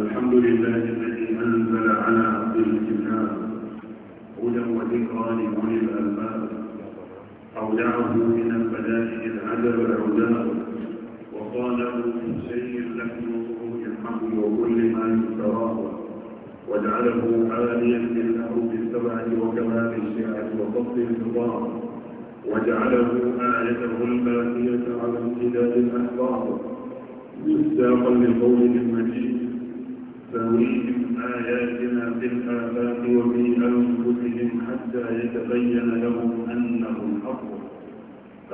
الحمد لله الذي أنزل على عبده الكتاب هدى وذكرى لأولي الألباب أودعه من البدائع العجب العجاب وقاله سير لكم وخروج الحق وكل ما يفتراه واجعله عاليا بالأرض السبع وكمال الشعر وفصل الخطاب وجعله آيته الباقية على امتداد الأحباب مصداقا للقول المجيد سنريهم آياتنا في الآفاق وفي أنفسهم حتى يتبين لهم أنه الحق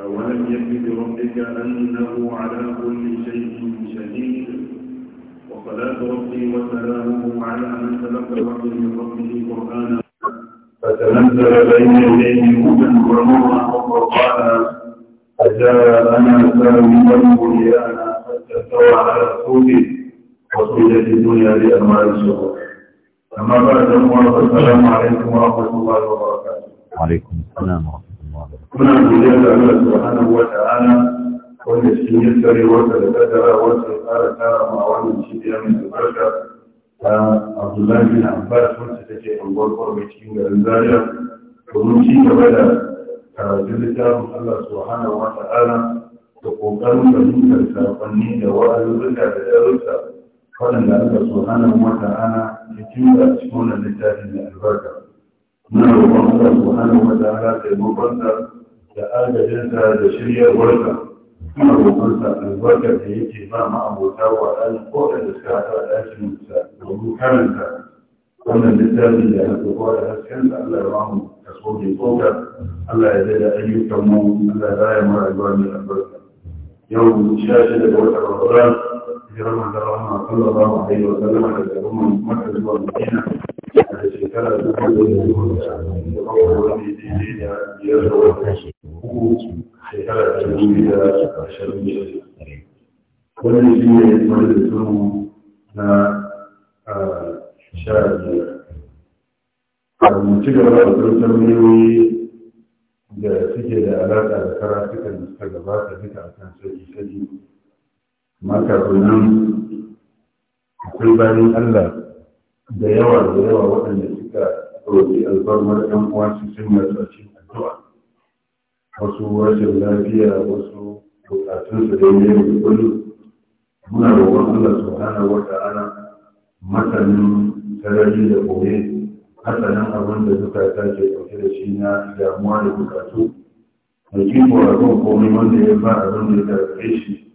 أولم يك بربك أنه على كل شيء شديد وصلاة ربي وسلامه على من تلقى الوحي من ربه قرآنا فتنزل بين يديه هدى ونورا وقرآنا أنا سامي ربه أنا فاستوى على سوده وصولة الدنيا بأنواع الشهور أما بعد السلام عليكم ورحمة الله وبركاته وعليكم السلام ورحمة الله وبركاته هنا بجد الله سبحانه وتعالى شيء يسري وتبتدر وتقال ترى مع أول شيئا من البركة آه، عبد الله بن عباس وتتجه الله قربتي والأنزايا ومشي بدا آه، جلسة الله سبحانه وتعالى تقوم بمثل ساقني وأهل بدا بدرسة waɗanda aka so hannun wata ana ya kimta cikin wannan littafin da albarka muna roƙon Allah so hannun wata ana taimakonsa da agajinsa da shiryarwarsa muna sa, albarkar da yake ba ma abota wa ɗan ko da suka haɗa ɗakin sa domin karanta wannan littafin da aka kowa da hasken da Allah ya bamu kaso mai tsoka Allah ya zai da ayyukan mu, Allah ya raya mara zuwa mai albarka yau sha shi daga wata Ramadan hijiran da rahama sallallahu alaihi wa sallam da garin Makka zuwa Madina da shekara da ta zo da zuwa da kuma wani daidai da biyar da wata uku shekara da ta biyu da ashirin da biyar. Wannan shi ne majalisun na sha biyar. A rubuci gaba da turtar miliyoyi da suke da alaƙa da karatukan da suka gabata duka a kan sai maka sunan akwai bayan Allah da yawa da yawa waɗanda suka roƙi alfarmar ɗan uwa su sun masu a cikin addu'a wasu rashin lafiya wasu bukatun su da yi da kullum muna roƙon Allah hana wata ana masanin sarari da koye hasanin abin da suka ke ɗauke da shi na damuwa da bukatu da kifo a kan komai wanda ya ba abin da ya karfe shi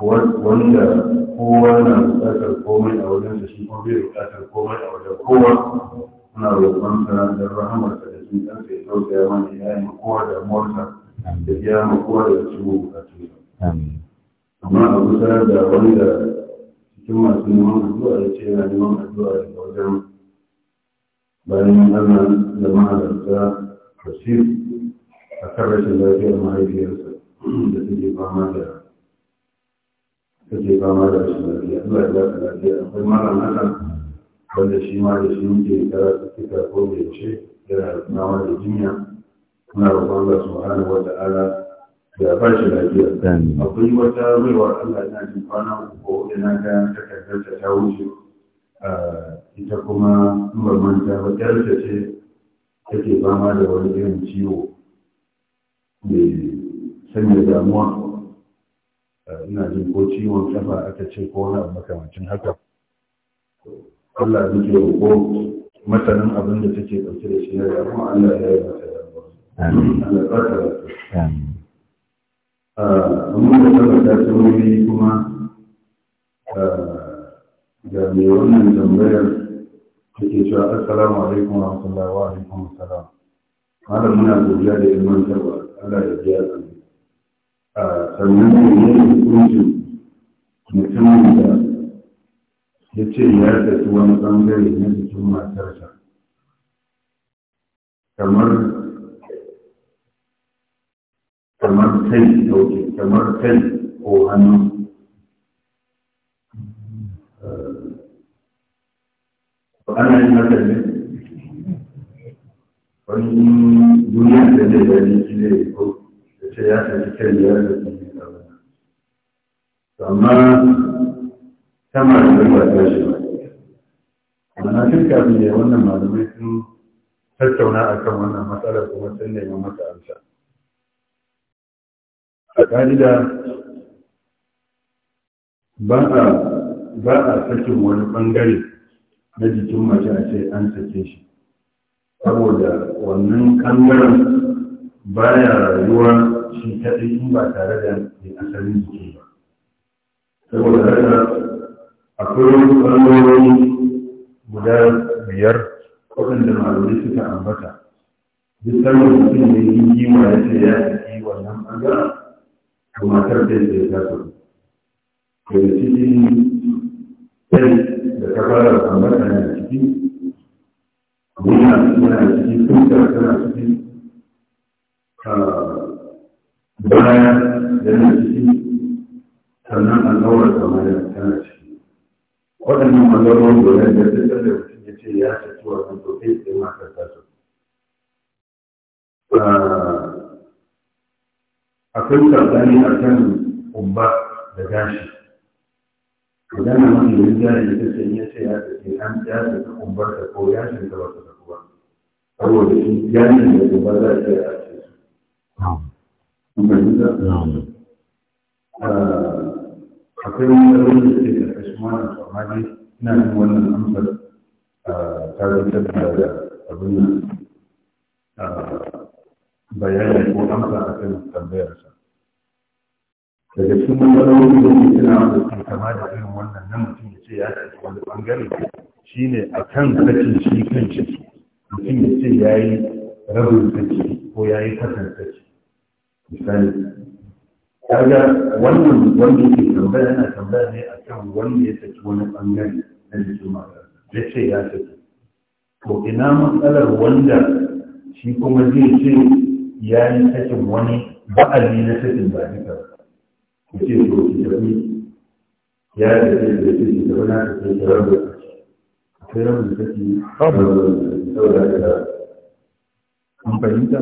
wanda kowa na bukatar komai a wajen da shi ko bai bukatar komai a wajen kowa muna roƙon sa da rahamar da jin kansa ya mana ya yi kowa da morsa da ya ma kowa da su bukatu amma a kusa da wanda cikin masu neman addu'a ya ce yana neman addu'a daga wajen bayan Allah da mahalarta tafsir a kan rashin lafiyar mahaifiyarsa da take fama da kake fama da shi lafiya Allah ya baka lafiya akwai malam hakan wanda shi ma da shi muke karatu kika ko da yaushe yana fama da jinya muna roƙon Allah subhanahu wa ta'ala ya ba shi lafiya akwai wata baiwar Allah ya jin kwana uku ko na ga takardar ta ta wuce ah, ita kuma ba manta ba ta ce take fama da wani irin ciwo mai sanya damuwa ina jin ko ciwon kafa aka ce ko wani abu makamacin haka Allah ya ke ko masanin abin da take ɗauke da shi na da kuma Allah ya yi mata da Allah ya barka da Amin. Amin ah, da kafa ta tsohon kuma da ah, mai wannan tambayar take cewa assalamu alaikum wa rahmatullahi wa alaikum assalam malam muna godiya da ilmantarwa Allah ya biya tsanani sannan da ne hukuncin mutumin da ya ce ya tafi wani bangare na jikin matarsa kamar kamar kai dauke kamar kai ko hannu eh, ana yin haka ne wani duniya da zai gani shi ne ko ce ya da sun yi tsawon amma ta malamai ba ta shi ba amma cin kafin ya wannan malamai sun tattauna a kan wannan matsalar kuma sun nema masa amsa a ƙa'ida ba a ba a sakin wani ɓangare na jikin mace a ce an sake shi saboda wannan ɓangaren baya rayuwa shi kadai in ba tare da mai asalin jiki ba saboda haka akwai ɓangarori guda biyar waɗanda malamai suka ambata duk sanin mutum ne yi kima ya ce ya yi wannan ɓangaren to matar da ya ta sauri daga cikin kai da ta fara ambata ne ciki muna suna ciki sun tana ciki ah, bayan yana ciki sannan al'aurar samaniya tana ciki waɗannan mazaɓar goyon da ta tsada mutum ya ce ya saki wannan to kai tsaye matar ta su akwai saɓani a kan umba da gashi magana mafi rinjaye ita ce ya ce ya saki an ya saki umbar ta ko gashin ta ba ta saku ba saboda shi gashin da umba za a iya ya ce su Ah, akwai wani da suke karkashin wannan tsamani ina jin wannan amsar ah, ta zartar da abin nan ah, bayani ko amsa a kan tambayarsa daga cikin wani da suke ina da kama da irin wannan na mutum ya ce ya tafi wani bangare shine a kan sakin shi kan shi mutum ya ce ya yi rabin saki ko ya yi kasan saki misali kaga wannan wanda ke tambaya yana tambaya ne a kan wanda ya saki wani bangare na jikin makaranta ya ce ya saki to ina matsalar wanda shi kuma zai ce ya yi sakin wani ba'ali na sakin ba duka ya ce to ki tafi ya da ce da ce ki tafi na tafi ki rabu akwai rabu da kake saboda ka an fahimta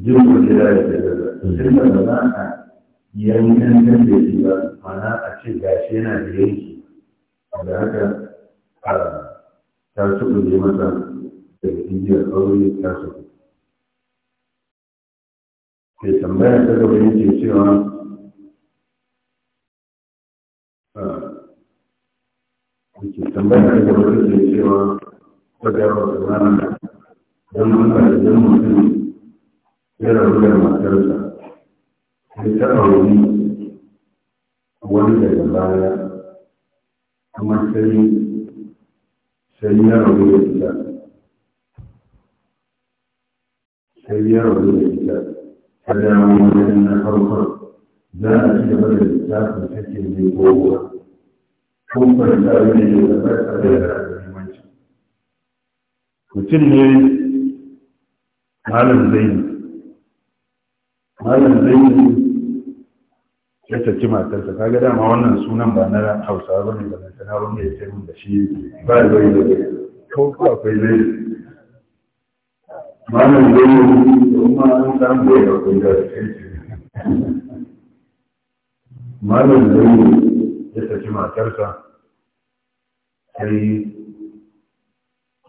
jirgin da ya ce da mm. jirgin da za a yankin kan da shi ba mana a ce gashi yana da yanki da haka a ta tuɓe ne masa daga injiyar aure ta su ke tambaya ta gaba yake cewa ke tambaya ta gaba yake cewa ta gaba da zama don mutum ya rabu da matarsa sai ta auri wani daga baya kuma sai sai ya rabu da ita sai ya rabu da ita ta dawo wajen na farkon za a ci gaba da ta take mai gogowa kun farka ne da farka da yara da mutum ne malam zai yi. malam zai ya tafi matarsa ga dama wannan sunan ba na hausa ba ne ba na sana wanda ya sai da shi ba da yi da ko ko akwai zai malam zai kuma an samu da ya kun da malam zai ya tafi matarsa sai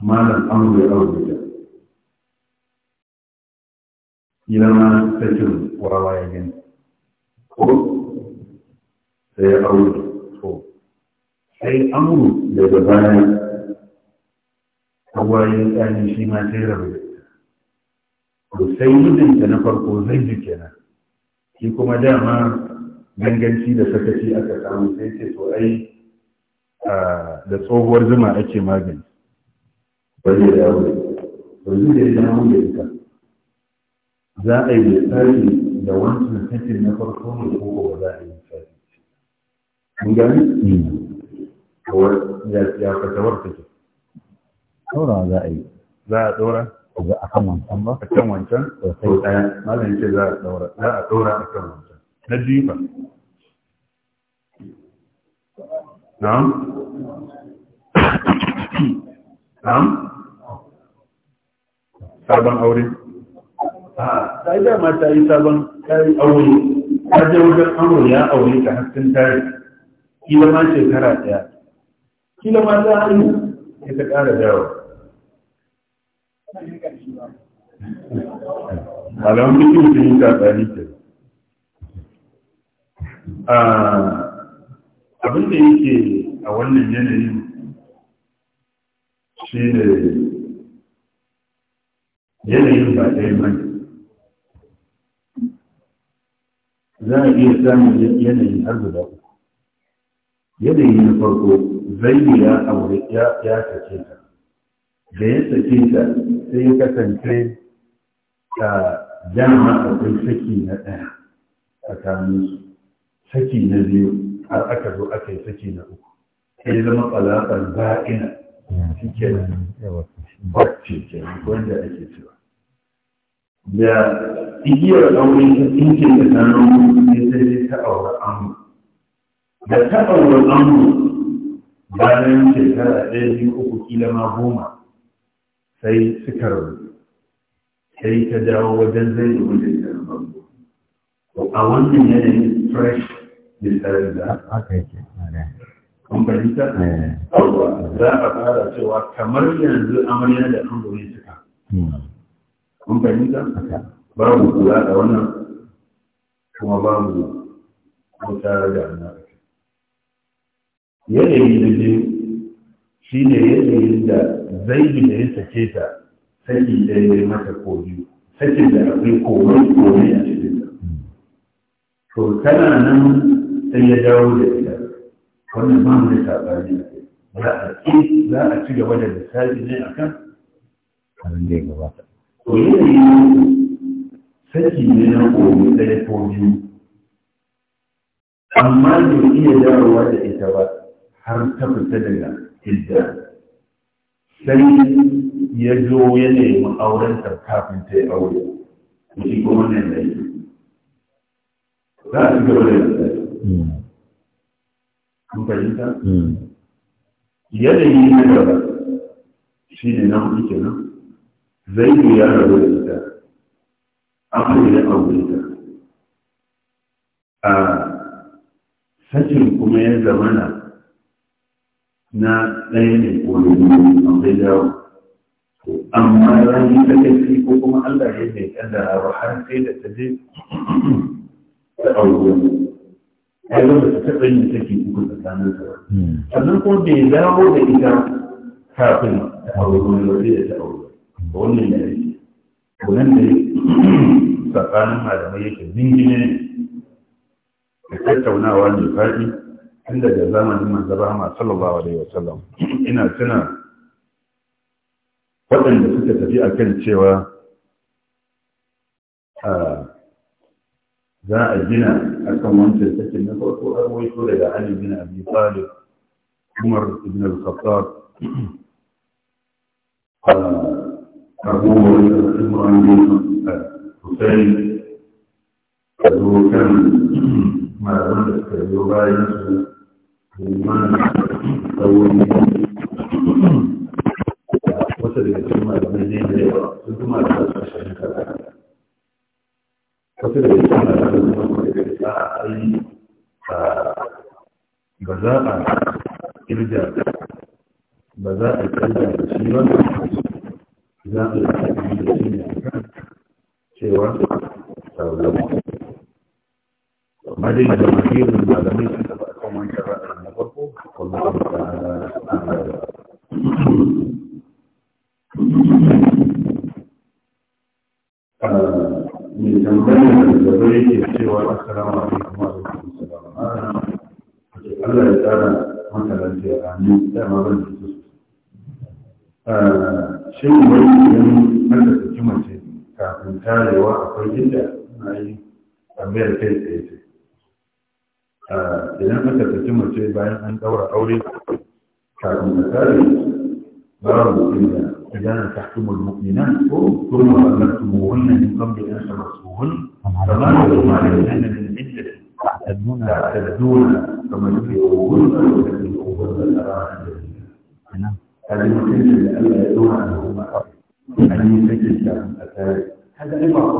malam amur ya aure ta ila ma sakin wawa ya gani ko sai ya auri. to sai amuru daga baya ya tsani shi ma sai rabu to sai mijinta na farko zai ji kenan shi kuma dama ganganci da sakaci aka samu sai ce to ai da tsohuwar zuma ake magani wani da aure yanzu da ya zama da ita za a yi tsarin لو انت نسيت الميكروفون هو ده اللي من جاي؟ هو يا يا كده. تصور ده اي. لا دورة. لا أكمل إن أكمل إن ما لي إن شاء دورة. لا دورة أكمل إن شاء الله. نعم. نعم. تعبان أوري. ta yi dama ta yi sabon kayan aure ta je wajen amur ya aure ta hasken tare kila ma shekara ɗaya kila ma ta hannu ya ta ƙara dawo alamun bikin sun yi tsakani ke abin da yake a wannan yanayin shi ne yanayin ba ɗaya mani za a iya samun yanayi har guda uku yanayi na farko zaidu ya aure ya sake ta da ya sake ta sai ya kasance ta dama kai saki na ɗaya a su saki na biyu har aka zo aka yi saki na uku sai zama alaƙar ba'ina hmm. shi ke nan ke wanda ake cewa da igiyar aure ta tsinke da tsanin ne sai ta aure amu da ta aure amu bayan shekara ɗaya biyu uku kila ma goma sai suka rabu sai ta dawo wajen zai da wajen ta rabu a wannan yanayin fresh misali da haka yake kun fahimta eh. za a fara cewa kamar yanzu amarya da an suka hmm. kun fahimta babu kula da wannan kuma babu mutara da annabi yanayi da biyu shi ne yanayin da zaibi da ya sake ta saki daidai mata ko biyu sakin da akwai komai komai a cikin ta to tana nan sai ya dawo da ita wannan ma mai da za a ci za a ci gaba da lissafi ne akan abin da ya gabata to yanayin saki ne na komi ɗaya ko biyu amma bai iya dawowa da ita ba har ta fita daga idda sai ya zo ya nemi aurenta kafin ta yi aure shi kuma ne da yi za a ci gaba da yanzu kun fahimta hmm. yanayi na gaba shi ne na hudu kenan زيد يا ولد أخي يا ولد سجن كما يزمنا نعم، نا لين يقولون نظيرا أما لاني تكفي كما الله يهي أدى أرحان سيدة تجيب تأوي أيضا تتقين تكي كل مكان فنقول بإذا هو لإذا حاقنا تأوي من الوزيدة تأوي wannan ya yi kunan da tsakanin malamai yake dingine ne da tattaunawa ne faɗi tun daga zamanin manzaba ma sallallahu alaihi wa sallam ina tuna waɗanda suka tafi akan cewa za a gina akan wancan sakin na farko a ko daga Ali bin Abi Talib Umar ibn al-Khattab أبو إبراهيم حسين أبو كان ما ولد يبايع المال أول وصل إلى ثم المدينة ثم وصل إلى ثم أي بزاء إرجع بزاء إرجع شيئا za su yi da shi ne cewa sauran amma dai da mahirin malamai sun taɓa a kan wancan ra'ayin na farko kullum da mai tambayar da gaba yake cewa assalamu alaikum wa rahmatullahi wa barakatuh Allah ya tsara maka lafiya amin dama ban Eh, shin wai idan aka saki mace kafin tarewa akwai inda na yi tambayar kai tsaye ce eh, idan aka saki mace bayan an daura aure kafin ta tare babu mutum da idan an ta hukumar mu'mina ko kuma wannan wannan in kan bi na sama suhun kamar da kuma da yana da idda da da dole kamar da yawon da da yawon da da هذا المسجد لألا يدور عنه ما قبل هذا المسجد لهم هناك هذا إبعاء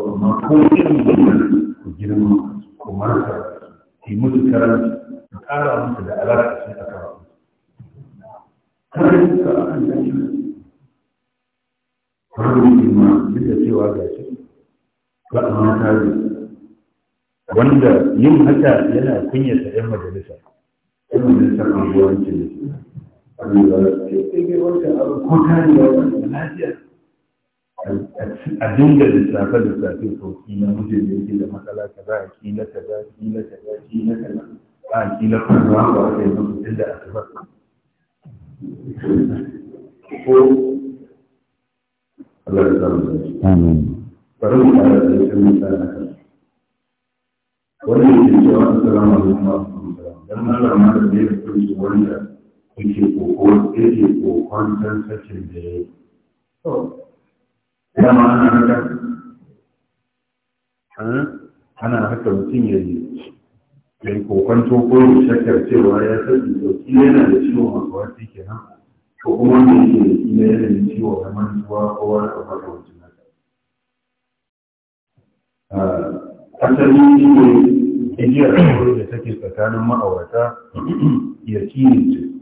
هناك شمال وجينا هناك مرسل في هناك أرى مثل هناك في أكرام هناك المسجد رغم هناك بدأ سوى هناك فأنا أتاري هناك yin haka هناك kunyata 'yan هناك 'yan majalisa هناك ruwan cikin a dinga lissafe lissafe sau kila muje da yake da matsala ka za a kila ka za kila ka za kila ka za a kila kwanuwa ba a kai masu tun asibar ko ya samu da da yake Wannan yake cewa assalamu alaikum wa rahmatullahi wa barakatuh. Dan Allah ma yake kokon yake kokon sakin da ya yi. dama ana haka ana haka mutum ya yi ya yi kokon toko ya shakar cewa ya saki to kila yana da ciwon ke nan, ko kuma wanda yake da kila yana da ciwon na mantuwa ko wani abu da wancan haka ah, asali shi ne igiyar da take tsakanin ma'aurata ya kiyince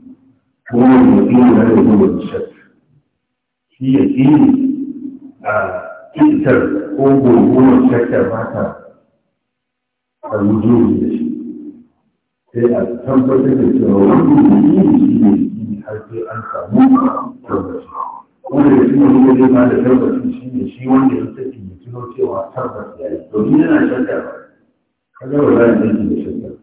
هو اليقين لا يزول بالشك في a كثر ko guguwar shakkar mata a wujuri da shi sai a tabbatar da cewa wani wujuri shi ne shi har sai an samu tabbaci wanda da shi wani wanda zai ba da tabbaci shi ne shi wanda ya saki ya tuno cewa tabbas ya yi domin yana shakkar ba kaga ba za a yi da shakkar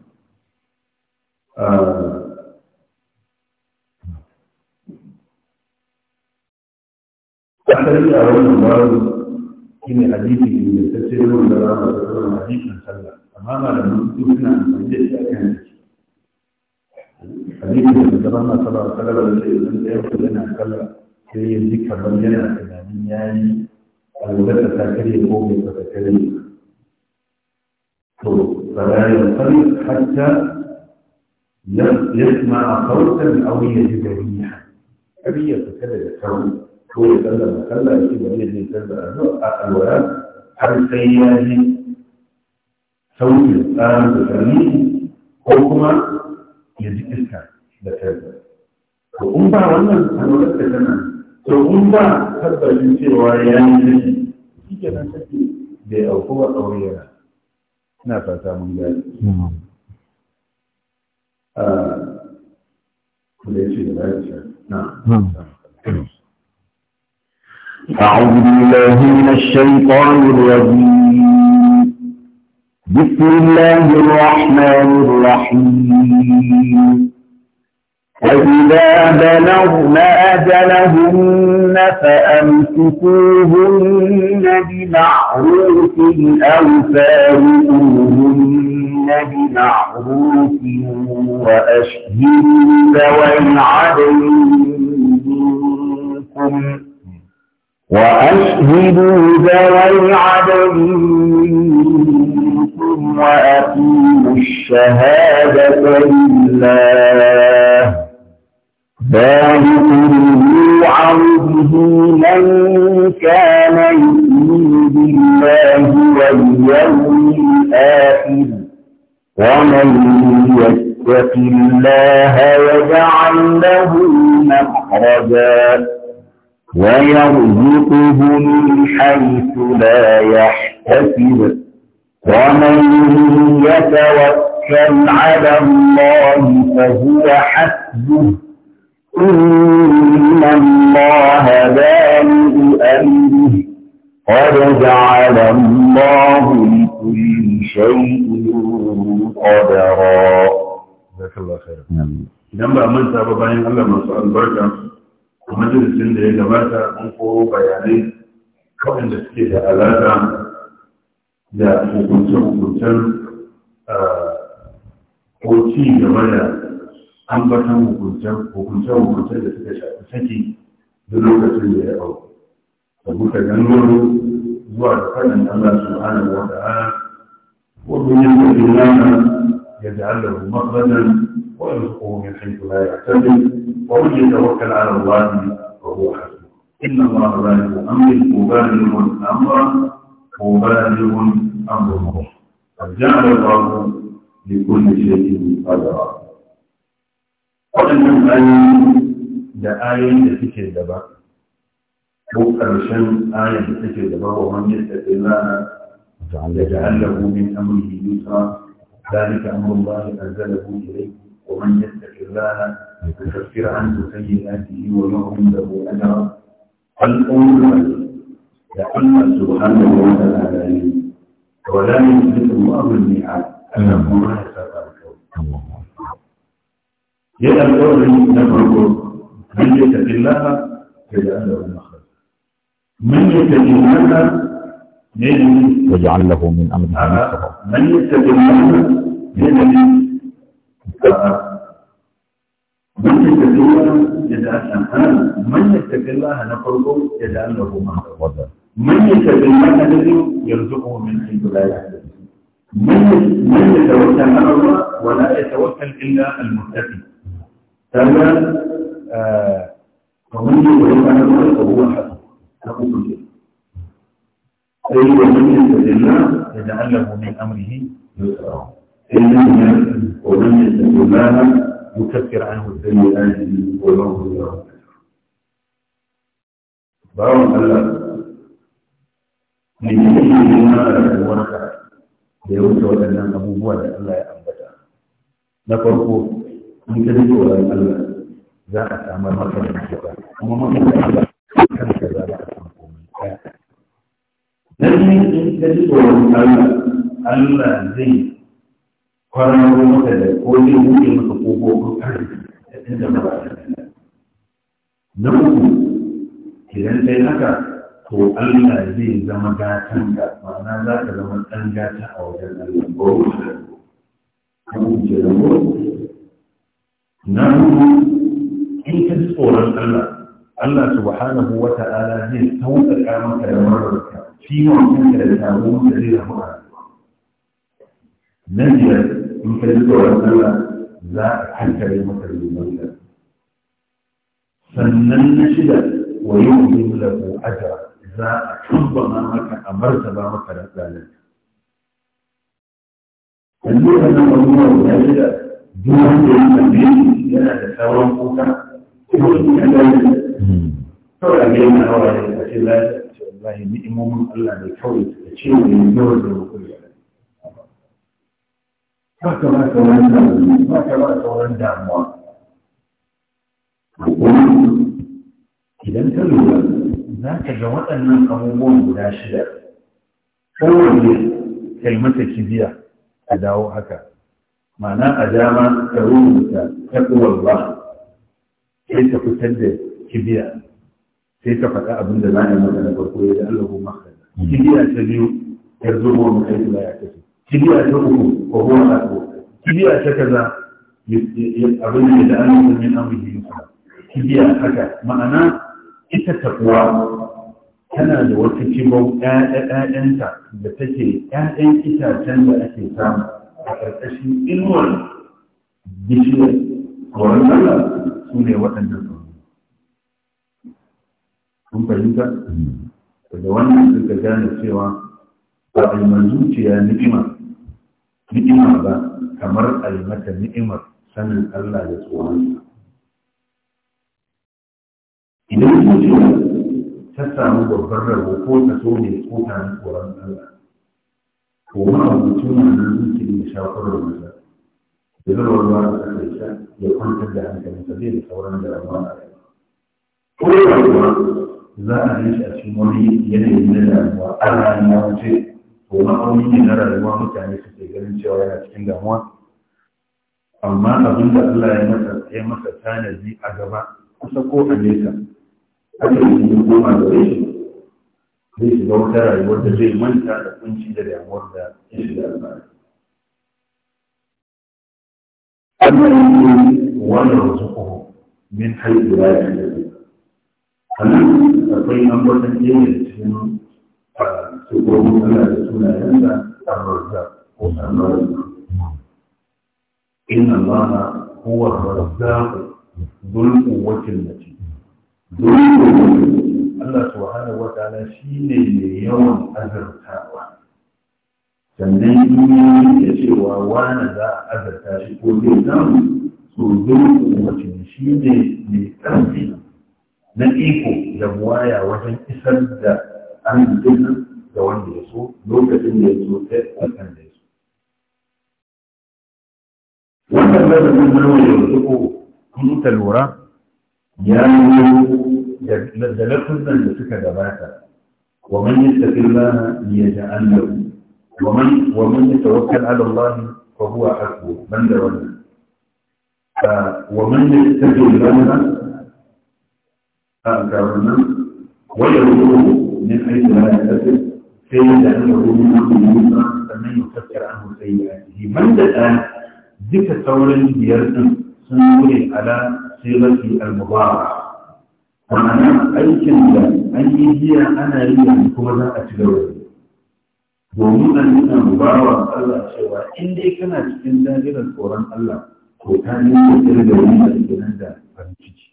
asali a wannan babu shi ne hadisi da ta ce yawan da za a zaɓa hadisin sallah amma malamin su suna amfani da shi a kan hadisi da ta zama sallah sallah da ce idan da yau yana sallah sai ya ji kamar yana tunanin ya yi alwata ta karye ko bai ta karye to fara yin sallah hatta يسمع صوتا او يجد ريحا ابي يتكلم الكون ko ya sallar sallah ya ce ba zai je sallar a alwala har sai ya ji da tsarin da sarni ko kuma ya ji iska da tarbi to in ba wannan alwalar da tana to in ba tabbacin cewa ya yi rashi shi ke nan take bai auku ba aurera ina fata mun ah, ku da da na أعوذ بالله من الشيطان الرجيم بسم الله الرحمن الرحيم فإذا بلغنا أجلهن فأمسكوهن بمعروف أو فارقوهن بمعروف وأشهدوا ذوي عدل منكم وأشهدوا ذوي عدل منكم وأقيموا الشهادة لله ذلكم يوعظ به من كان يؤمن بالله واليوم الآخر ومن يتق الله يجعل له مخرجا ويرزقه من حيث لا يحتسب ومن يتوكل على الله فهو حسبه إن الله بالغ أمره قد جعل الله لكل شيء قدرا جزاك الله خيرا. إذا ما أمنت أبو باين الله ما سأل بركة a majalisun da ya gabata an koro bayanai kawai da suke da alaƙa da hukunce-hukuncen ko ci gaba da ambatan hukunce-hukuncen da suka shafi saki duk lokacin da ya hau da muka gano zuwa da faɗin Allah subhanahu wa ta'ala ko dunyar da يجعله مخرجا ويرزقه من حيث لا يحتسب ومن يتوكل على الله فهو حسبه ان الله بالغ امره مبالغ امره مبالغ امره قد جعل الله لكل شيء قدرا waɗannan ayoyi da ayoyin da suke gaba ko ƙarshen ayar da suke gaba wa wani yadda ɗin rana da min yusra ذلك أمر الله أنزله إليه ومن يتق الله يكفر عنه سيئاته ويعظم له أجرا الأمر لأن سبحانه وتعالى ولا يثبت الله الميعاد أنه ما سبحانه وتعالى يدعى الأول نفرقه من يتق الله يجعله مخرجا من يتق الله واجعل له من امره يسرا آه، من يتق الله من يتق الله يجعل من يتق الله يجعل له مخرجا من يتق الله الذي يرزقه من حيث لا يحتسب من من يتوكل على الله ولا يتوكل الا المتقي هذا آه، ومن يتوكل على الله فهو حسن sai wani cikin lillah ya ta'allahu min amrihi yusra sai ya wani cikin lillah يكفر عنه السيئات ويغفر له بارك الله من جميع ما ورثه da ya wuce waɗannan abubuwa da Allah ya ambata na farko in ka rike wa Allah za a samar maka da kuma maka da Allah kanka za a na biyu in ka ji tsoron Allah Allah zai kwararo maka da ko zai buɗe maka ƙofofin arziki da inda ba ba na uku idan sai haka to Allah zai zama gatan ka ma'ana za ka zama ɗan gata a wajen Allah ko wajen kan da na hudu in ka ji tsoron Allah Allah subhanahu wa ta'ala zai sauƙaƙa maka da mararka ciwon kanka da sabon da zai zama a na biyar in ka ji tsoron Allah za a hankali maka zubanka sannan na shida wa yau yin lagu ajara za a tambama maka a martaba maka da tsanin yanzu da nan abubuwa guda shida duk wanda ya tambaye shi yana da sauran kuka ko shi ya gani kawai a gaina hawa ne a ce lafiya wallahi ni'imomin Allah ne kawai da ce ne yawa da rukuri ba ka ba sauran damuwa ba ka ba sauran damuwa idan ka lura za ka ga waɗannan abubuwan guda shida kowanne kalmata kibiya a dawo haka ma'ana a dama ka rubuta taɓuwar ba sai ta fitar da kibiya sai ka faɗa abin da za a yi maka na farko ya da Allah makaraja kibiya ta biyu ya zo wa mutane da ya kace kibiya ta uku ko huwa ta ko kibiya ta kaza abin da da Allah ya nuna mu yi kibiya haka ma'ana ita ta kuwa tana da wata kibau ƴaƴanta da take ƴaƴan itacen da ake samu a ƙarƙashin inuwar bishiyar a wani su ne waɗannan kun fahimta daga wannan suka gane cewa ba a yi zuciya ni'ima ni'ima ba kamar a yi mata ni'imar sanin Allah da tsoronsa idan zuciya ta samu babbar rabo ko ta so ne tsota na tsoron Allah ko ma na wannan zuciya ya shafar da masa da zama ruwa da ya kwantar da hankalinsa zai da sauran da ramuwa a rai. Kowa za a yi shi a cikin wani yanayi na damuwa an rani ya wuce ko ma'auni ne na rayuwa mutane suke ganin cewa yana cikin damuwa amma abin da Allah ya masa ya masa tanadi a gaba kusa ko a nesa aka yi ya koma da rashi zai shiga wata rayuwar da zai manta da kunci da damuwar da ya shiga a baya. Allah ya yi wasu rasu min haihuwa ya akwai ambatan jiyar cikin ah, sukobin Allah da sunayensa arrazza ko arrazza inna Allah huwa arrazzaq dhul quwwati al-matin dhul quwwati Allah subhanahu wa shi ne mai yawan azartawa sannan in ya cewa wani za a azarta shi ko zai samu so dhul quwwati shine mai ƙarfi na iko da buwaya wajen isar da an dinnan da wanda ya so lokacin da ya so sai a kan da ya so. Wannan lalabin nawa ya zuko kun ta lura ya yi da lafizan da suka gabata wa man yattaqi Allah yaj'al lahu wa man wa man yatawakkal 'ala Allah fa huwa hasbuh banda wannan wa man yattaqi Allah a garin nan wanda ya ne a yi da ƙasa sai ya da aka rubu sannan ya tattara an sai ya ji man da duka sauran biyar ɗin sun zuwa ala sai ba su yi almubara aikin da an yi jiya ana yi da kuma za a ci gaba domin an yi almubara Allah cewa in dai kana cikin dajiran tsoron Allah to ta nemi irin da wani da ke nan da farin ciki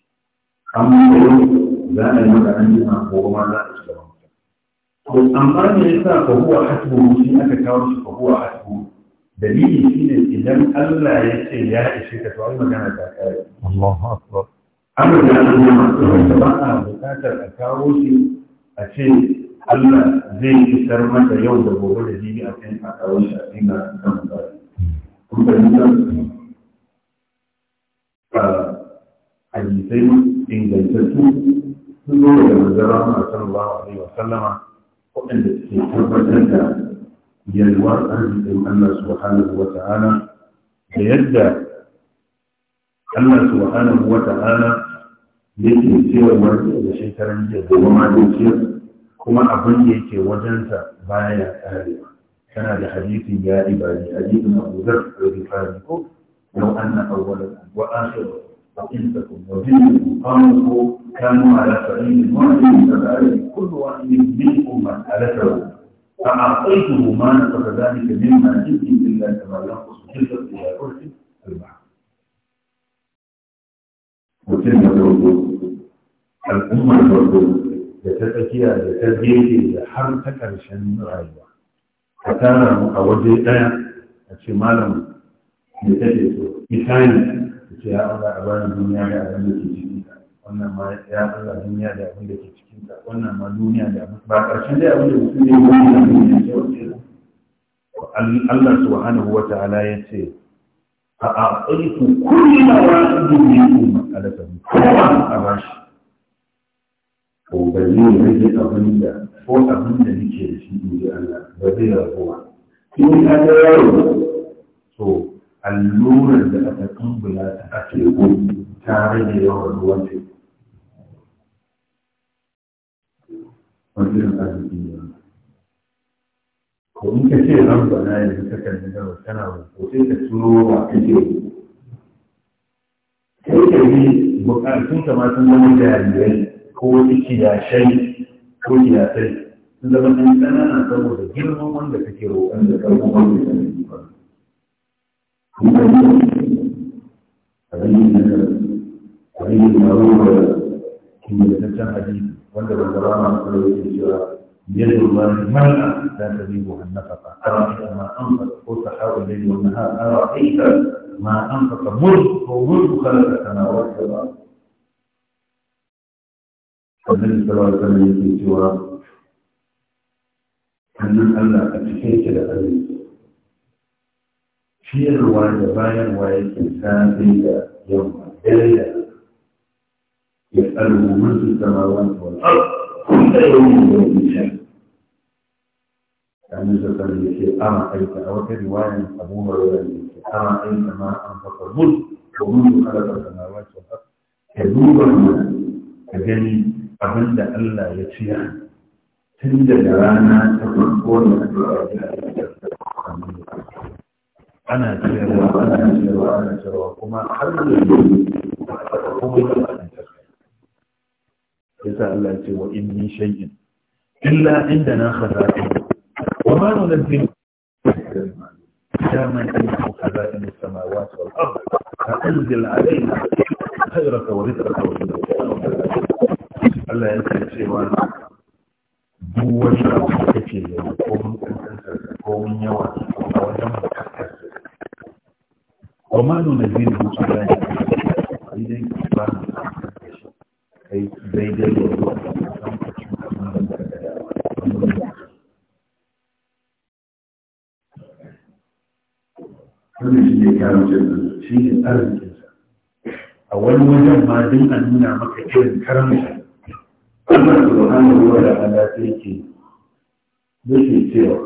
an koyi za a yi maka an jima ko ma za a ci gaba to amma me yasa fa huwa hasbu shi aka kawo shi fa huwa hasbu dalili shine idan Allah ya ce ya ishe ka to ai magana ta kare Allahu akbar amma da an yi ba a bukatar a kawo shi a ce Allah zai isar maka yau da gobe da jibi a kan a kawo shi a inda kan ba kun fahimta hadisai ingantattu sun zo da manzara Allah sallallahu alaihi wa sallama waɗanda suke tabbatar da yalwar arzikin Allah subhanahu wa ta'ala da yadda Allah subhanahu wa ta'ala yake wani da shekaran jiya da goma da kuma abin da yake wajensa baya karewa kana da hadisin ya ibadi hadisin Abu da al-Ghifari Yau law anna awwalan wa akhiran فإنسكم كانوا على فعين المعجم فبالك كل واحد منكم مسألته فأعطيته ما نفذ ذلك مما جدي إلا كما ينقص جلسة إلى كرس البحر وكلمة الرجل الأمة الرجل يتتكي على تدريك إلى حرتك لشأن غيره فكان أوجه إلى الشمال يتجه مثالي ce ya Allah a bani duniya da abin da ke cikin ta wannan ma ya Allah duniya da abin da ke cikin ta wannan ma duniya da abin ba ƙarshen dai abin da mutum zai yi da duniya ce wace Allah subhanahu wa ta'ala ya ce a a'aiku kullu ma wa'idu ne makalatan kowa a bashi ko ba zai rage abin da ko abin da nake da shi in ji Allah ba zai rabuwa in ka ga yaro to allurar da aka kumbula ta a teku ta rage yawan ruwan teku wani irin arziki ne ko in ka ce ramba na yanzu ta kan nuna tana ko sai ka turo ba ka ce kai ka yi bukatun ka ma sun zama jarirai ko kiyashai ko kiyasai sun zama ɗan ƙanana saboda girman wanda kake roƙon da ƙarfin wanda kake roƙon حديث معروف كما يتسمى حديث وانت بالدراما تقول يد الله المرأة لا تجيبها النفقة أرأيت ما أنفق وسحاء الليل والنهار أرأيت ما أنفق ملك وملك خلق السماوات والأرض النبي صلى الله عليه وسلم يقول أن الله أتحيك لأبيك شير وان باين وان انسان الى يوم الليله يساله من في السماوات والارض كل يوم يوم يعني الشمس كان يوسف قال لي شيء اما انت او كذي ما انفق الظل ومنذ خلق السماوات والارض كذوبا كجني ابن ده الله يتشيع تندى رانا تقول قول أنا أتخير وأنا أتخير وأنا أتخير وما أحبه وأنا أتخير وإني شيء إلا عندنا خزائن وما ننزل دائما أنه خزائن السماوات والأرض فأنزل علينا خيرك وذكرك وذكرك ألا ينسي شيء وأنا أتخير دول كثير يوم قوم قوم يوم قوم يوم na ma nuna zai da su da ne idan ba na kai daidai da ruwa da kan kacin kuma da wannan shi ne kawo jirgin shi ne arzikinsa a wani wajen ma din a nuna maka irin karamsa Allah subhanahu da ta'ala sai ke yake cewa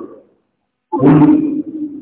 wani.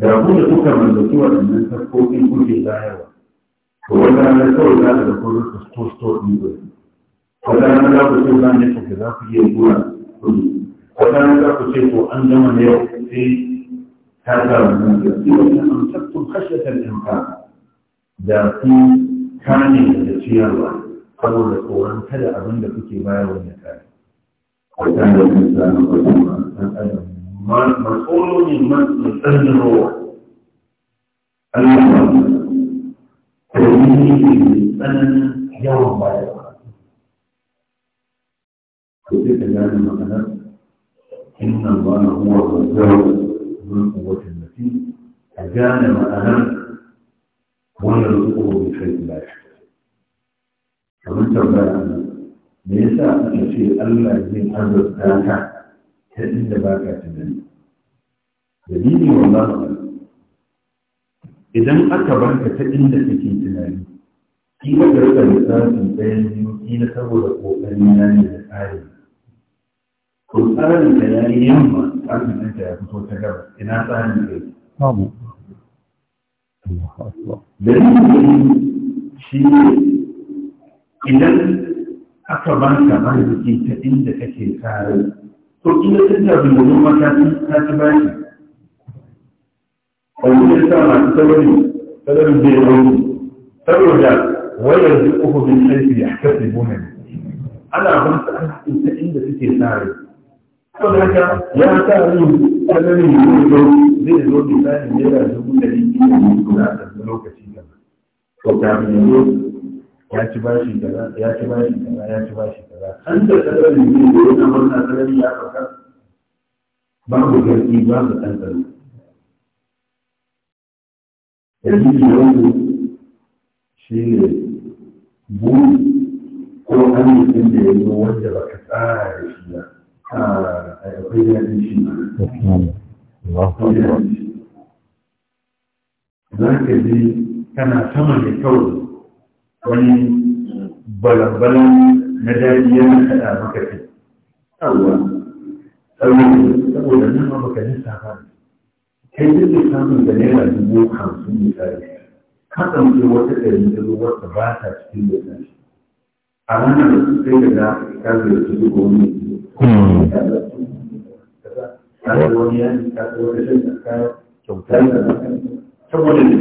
da rabu da kuka mallaki waɗannan sarkokin kuke bayarwa to wata ranar kawai za a ga kuma su sto sto ɗin ku wata ranar za ku ce za ne ku za ku iya zuwa kudu wata ranar za ku ce ko an gama na yau sai ta sa wannan gaske wata amsattun hashatar imfa da ku kane da ciyarwa saboda tsoron kada abin da kuke bayarwa ya kare. Wata ranar da ku zama ba ku ma san adam مسؤول من تجربه الوحيد تجريب الإنسان يوم بعد وكيف يعني مثلا إن الله هو الرزاق ذو القوة المتين أجان مألم ويرزقه بخير لا يحتاج فمن ليس أن شيء ألا يجين أن ta inda ba ka tunani dalili wallahu idan aka barka ta inda kake tunani in ka rika lissafin ɗayan biyu kila saboda ƙoƙarin ya ne da tsari ko tsarin da ya yi yamma tsarin da ya fito ta gaba ina tsarin da ya samu dalilin shi idan aka barka arziki ta inda kake tsari to inda ta ta bin wani mata ta ci ba shi a wani sa masu sabari bai saboda wayar duk uku bin aiki ya kasi bunan ana ban an ana ta inda suke sare saboda haka ya sa rin sabarin zai zo zai zo da naira dubu ɗari biyu da lokaci gaba to kafin ya zo ya ci ba bashi kaza ya ci bashi kaza ya ci bashi kaza an da sarari ne da yana murna sarari ya faka babu garki babu tsantsani yanzu da wani shi ne buru ko an yi hannun da ya zo wanda ba ka tsara shi ba a akwai yadin shi ba. za ka je kana sama ne kawai wani balabalan na daji yana kaɗa maka fi awa saboda nan ma baka nisa ba kai duk da samun da naira dubu hamsin misali ka ɗauke wata ɗari da wata ba ta cikin da ɗan a ranar da sai da ka zai ci dubu wani kaga wani ya ka wata shan da ka kyautar da saboda ne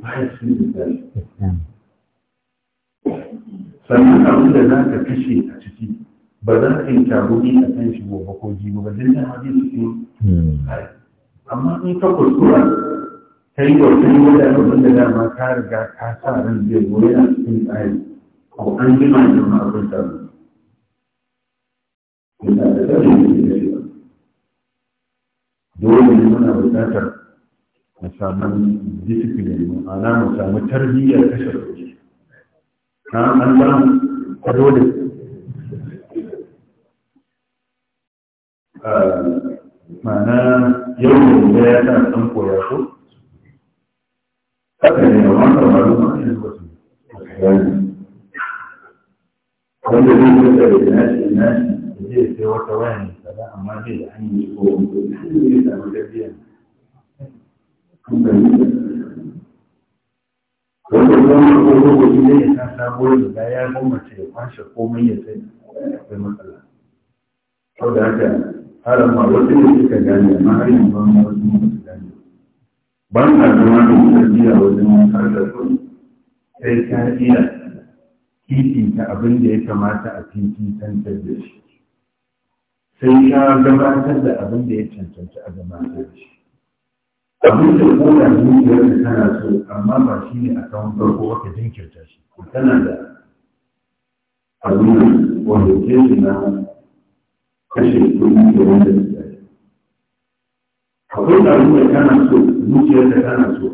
ba ya cikin da ɗan sannan abin da za ka kashe a ciki ba za ka yi taruhi a kan shi ba ko ba dan dama zai su kai amma in ka kusura ka yi wa kai wanda abin da dama ka riga ka sa ran zai goyi a cikin tsari ko an jima da ma abin da dole ne muna buƙatar mu samu discipline ma'ana mu samu tarbiyyar kashe kuɗi an samu a dole ah, mana yau da ya ya sa san koya ko haka ne amma ba ba ma ne ko wanda zai yi da da nashi nashi zai sai wata waya ne kaza amma zai da hanyar ko wani zai samu wanda ya zama ko lokaci ne ya sa sabuwar riga ya gwamnati ya kwashe komai ya sai akwai matsala sau da haka haram ma wasu ne suka gane amma har yanzu ma wasu ne suka gane ba na zama da tarbiyya wajen harkar kuɗi sai ka iya ta abin da ya kamata a titintantar da shi sai ta gabatar da abin da ya cancanci a gabatar da shi abin da koda zuciyar da tana so amma ba shi ne a kan farko wata jinkirta shi tana da abin da wanda ke shi na kashe kuɗi da wanda ke tashi akwai da abin da tana so zuciyar da tana so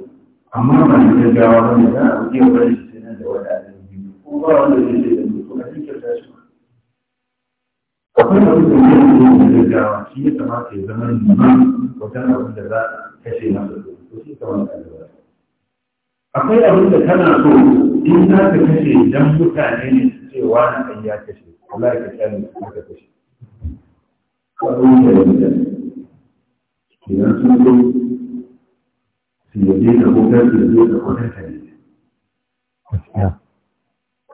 amma ba shi da gawa ba ne za a iya shi sai da wata abin biyu ko ba wanda ke ce da mutum a jinkirta shi akwai abin da ya yi da shi ya kamata ya zama liman wajen abin da za a kashe masa ta wani kamar da akwai abin da kana so in za ka kashe dan mutane ne su ce wa na kan ya kashe Allah ya kashe ne su ka kashe kawai da ya mutane idan sun zo su yaje ka ko kar su yaje ka ko kar ka ne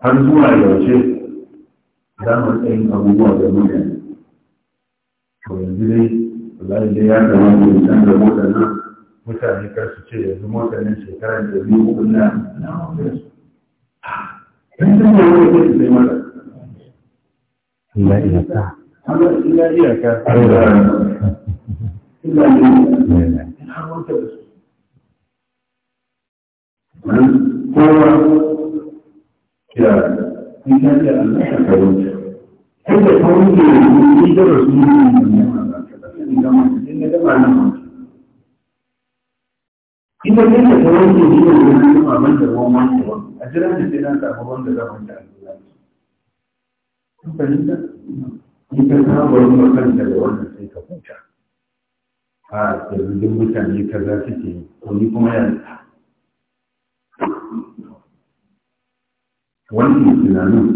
har zuwa yaushe za mu tsayin abubuwa da mutane to yanzu dai Allah ya ya kama da mota na mutane kar su ce yanzu motar nan da biyu kun na na su wani mara iyaka iyaka iyaka kowa ya in ka ce Allah ta kai da kawo ne ne ne ne ne ne ne ne ne ne ne ne ne ne ita ce da ta wanke shi ne da kuma ban da ruwan wanke wani a jiran da sai na samu ruwan da zaman da al'ula su fahimta in ka saba yin makanta da wannan sai ka huta a yanzu mutane kaza suke yi to ni kuma yanzu wannan tunanin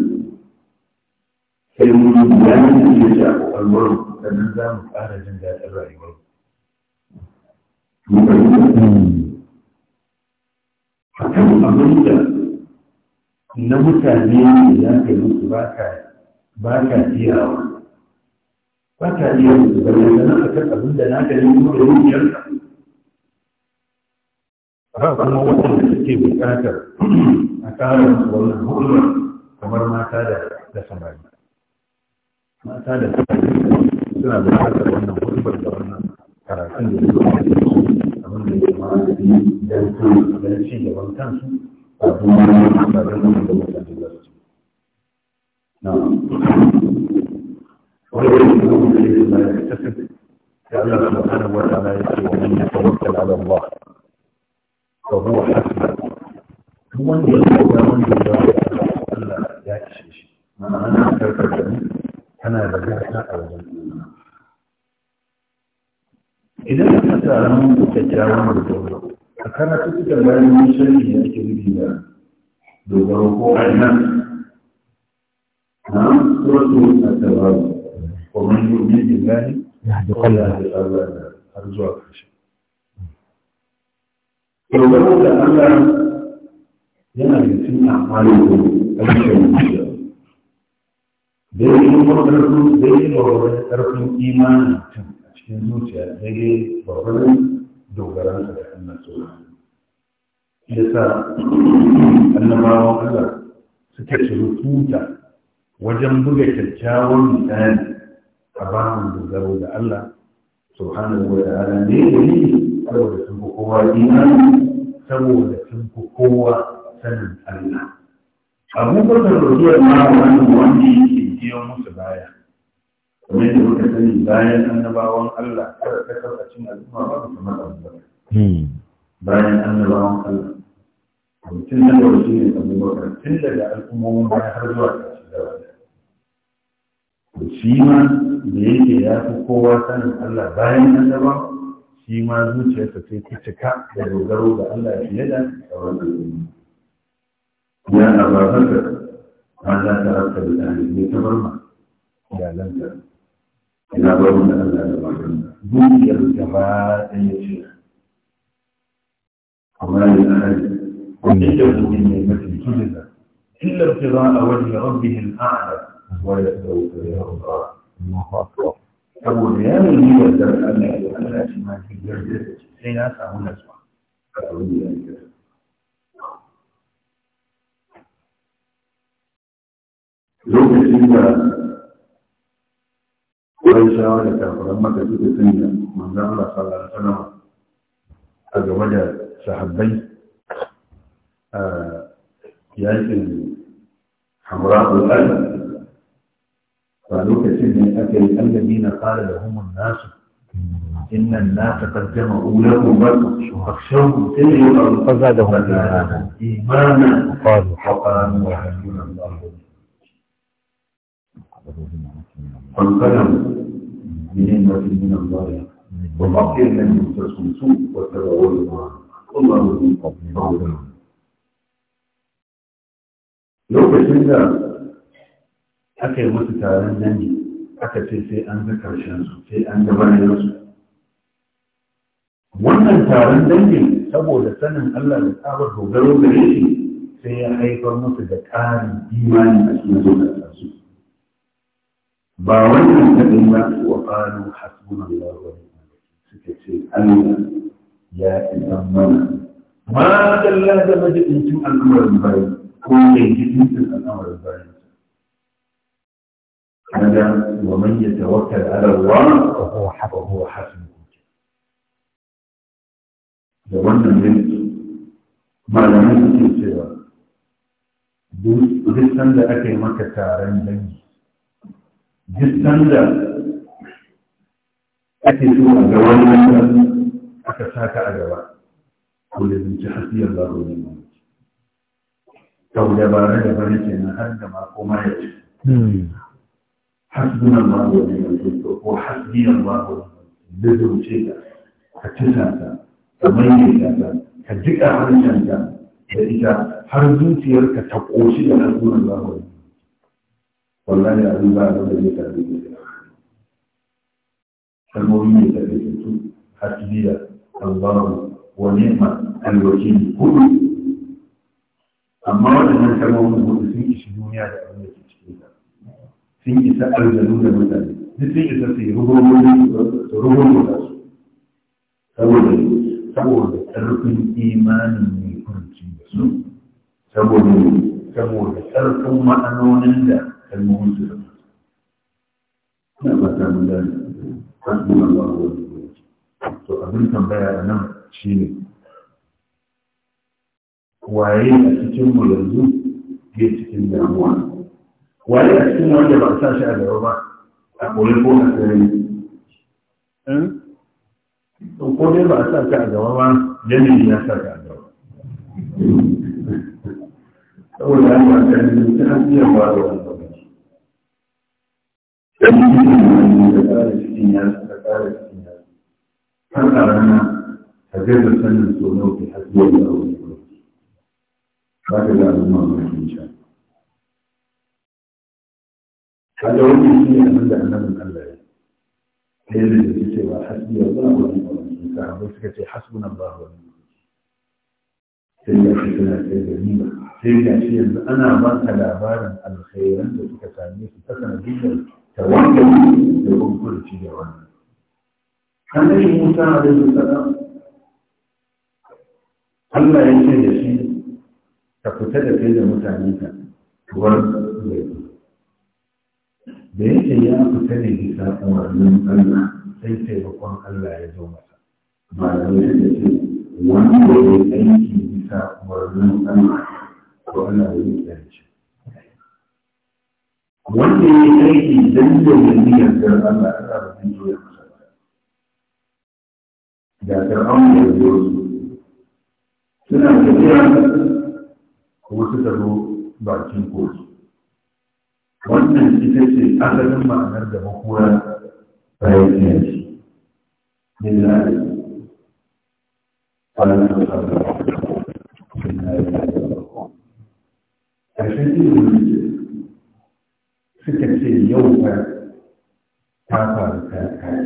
sai mun yi bayanin da ke a kwakwalwar sannan za mu ƙara jin daɗin rayuwar. kan abin da na mutane ne za ka yi musu ba ka jiyawa ba ka jiya musu ba ne na akan abin da na ka yi kuma da yiyarka ba kuma waɗanda suke buƙatar a ƙara wannan hulmar kamar mata da samari mata da samari suna buƙatar wannan hulmar da wannan karatun da suke abin da ma'anabi don su don ci gaban kansu a kuma ba don su da mutane za su ci. Na. Wani wani kuma kuma ne da ya tafi da Allah subhanahu wa ta'ala ya ce wa man yatawakkal ala Allah fa huwa hasbuh. Duk wanda ya koya wanda ya Allah ya ishe shi. Ma'ana karkar da kana da gata a wajen Allah. idan aka samu kyakkyawan dogaro a karatu suka bayan sharhi da ake nufi da dogaro ko aina na suratu a tabaru ko man yi umin billahi ko da Allah har zuwa kashi. dogaro da Allah yana da cin amfani da ƙarshen zuciya da yi yi ƙarfin imanin mutum cikin zuciya daidai babban dogara da Allah sauran ya sa annabawan Allah suka ciro tuta wajen buga kyakkyawan misali a bamun dogaro da Allah subhanahu wa ta'ala ne da ni saboda sun fi kowa imani saboda sun fi kowa sanin Allah abubakar da zuwa ma wani wani yake biyo musu baya kamar yadda muka sani bayan annabawan Allah kada ta karɓacin al'umma ba su kamar abubakar bayan annabawan Allah mutum na gaba shi ne abubakar tun daga al'ummomin baya har zuwa ƙarshe gaba to shi ma da yake ya fi kowa sanin Allah bayan annaba shi ma zuciyarsa sai ta cika da dogaro ga Allah fiye da sauran al'umma ya abubakar ma za ta rasa da ɗalibai ta barma iyalanka ina barin da Allah da bakin dukiyar gaba ɗaya ce amma ne a hari wani da wani mai mafi kudina إلا ابتغاء وجه ربه الأعلى ويأتوك ليرضى الله أكبر أبو ريال اللي يقدر أن يعلم الأشياء ما في جرده حين أسعى ونسمع فأولي أن لوكس Qurayshawa da kafiran Makka suka sanya manzon Allah sallallahu alaihi wasallam a gaba da sahabbai a yakin Hamra al فلوكسين من أكل الذين قال لهم الناس إن الناس قد جمعوا لكم لكم فاخشوهم تلي الأرض فزادهم إيمانا وقالوا حقا وحسبنا الله فانقلبوا بنعمة من الله وفقر لم يمسسهم سوء واتبعوا الله والله من فضله lokacin da aka yi musu taron nan aka ce sai an ga karshensu sai an gabaninsu wannan taron dangin saboda sanin Allah da tsabar dogaro gare shi sai ya haifar musu da ƙarin imani a cikin zuciyarsu باوان الكبيرة وقالوا حسبنا الله ونعم سكتي يا إمامنا ما دل هذا مجد الأمر البعيد كون جيد الأمر البعيد هذا ومن يتوكل على الله فهو حسن لوان نمت ما نمت كثيرا دوست قدسا لأكي مكتارين بني duk da ake so a ga wani wanda aka saka a gaba ko da zance hasiyar ba ko nema kau da bara da bari ke na har da ma ko ma ya ce hmm. hasbun Allah wa ni'mal wakil ko hasbi Allah ko ni'mal wakil da zance ka ci sata ka maye sata ka jika harshen da ita har zuciyarka ta ƙoshi da hasbun Allah ko ni'mal wallahi abin ba da zai tafi da kalmomi ne da ke tutu hasbiya allahu wa ni'ma alwakil hudu amma waɗannan kalmomin hudu sun ishi duniya da abin da ke cikin ta sun isa aljanu da mutane duk sun isa su yi rubutu da su saboda saboda ƙarfin imanin mai kurci da su saboda saboda ƙarfin ma'anonin da ɗan mahunsu da ina ba ta mun gani hasbun Allah wa to abin tambaya a nan shine waye a cikin mu yanzu ke cikin damuwa waye a cikin wanda ba a sa gaba ba a kore ko a eh? ko ba a sa gaba ba yanayi ya sa ka a gaba saboda haka ta hanyar ba da kan a rana ka gaza sanin so nau ke hasbiyar da aure ba ka da al'umma mai sha kada wani shi ne abin da annabin Allah ya sai da yake cewa hasbiyar da aure ne sahabbai suka ce hasbun Allah wa sai ya fi suna sai da ni sai ga shi yanzu ana ba ka labarin alkhairan da suka same su ta sanadiyyar Da wanda da kuma kurci da wannan annabi Musa alaihi salam Allah ya ce da shi ka fita da kai da mutane ka tuwar zai da yake ya fita ne bisa umarnin Allah sai taimakon Allah ya zo masa malamai da ce wanda ya aiki bisa umarnin Allah ko Allah ya yi tsarki wanda ya yi aiki don da yanzu da Allah ta ba sun zo ya kusa da fir'aun da zo su suna tafiya kuma suka zo bakin kotu wannan ita ce asalin ma'anar da makura bayan ne lillahi da sallallahu da wa sallam ƙarshen ilimin suka ce yau ba ta faru ta kai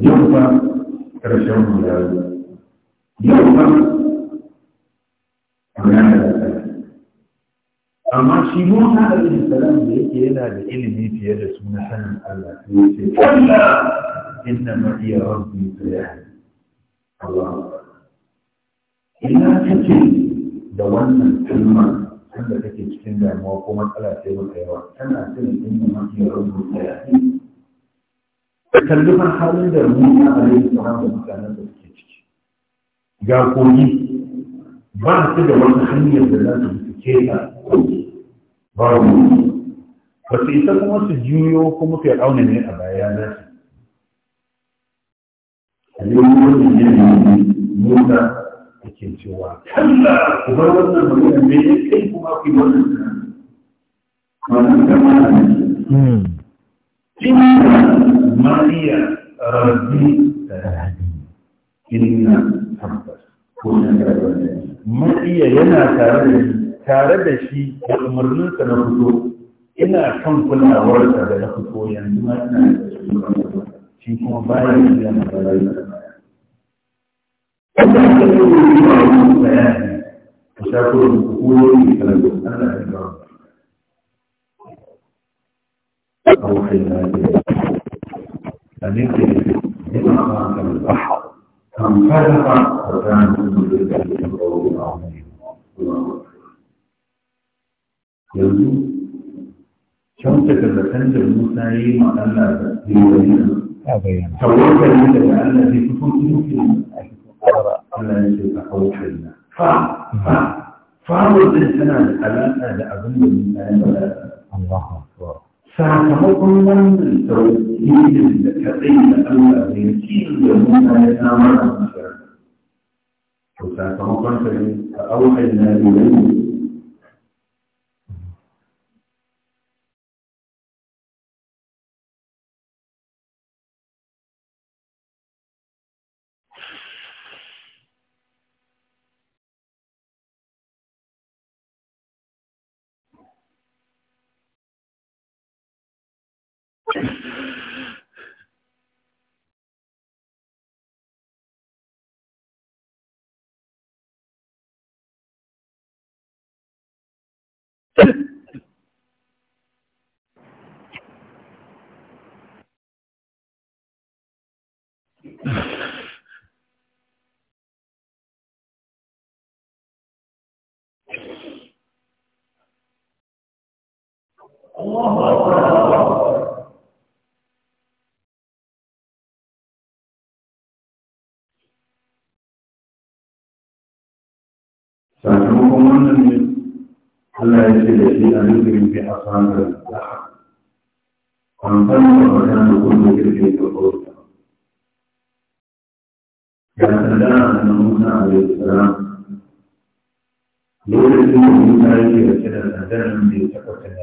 yau ba ƙarshen mularu yau ba mularu amma shi musa alaihi salam da yake yana da ilimi fiye da su na sanin Allah sai ya ce kalla inna ma iya rabbi sayahdi Allah ina kake da wannan kalmar wanda take cikin damuwa ko matsala sai maka yawa tana cin inda mafi yawan rubuta ya fi kallufan halin da rubuta a rai tsoron da mutanen da suke ciki ga kogi ba su da wani hanyar da za su su a kogi ba mu ba su isa kuma su juyo kuma su auna ne a baya na su a yi wani yanayi mota ake cewa kalla ku bar wannan magana me ya kai kuma ku wannan tunani wannan kama na ne hmm. inna mariya rabbi inna tabbas ko na mariya yana tare da shi tare da shi da umarninsa na fito ina kan kulawarsa da na fito yanzu ma ina da shi kuma bayan yana da rayuwa تشاكل الدخول في تلبس انا اكرام روحي الهادئ فنكتب بمعركة البحر فانفلق وكان كل ذلك الضوء العظيم يرجو شمسك التي المسعي مع الله في ولينا توكل لك لان في كفوت مسلم قدرا Allah ya ce ka hau kalla fa fa fa'amur din tana da alaƙa da abin da Musa ya faɗa Allahu akbar sakamakon wannan tauhidin da kadai da Allah da yakin da Musa ya samar a cikin to sakamakon sa ne ka auhayna ilayhi الله أكبر sakamakon wannan ne Allah ya ce da shi a nufin fi a sanar da amfani da wata da kuma da ke da kowata. Ya tsada a nan Musa a yau tsara, lokacin da Musa ya ce da shi da tsadar da ya taɓa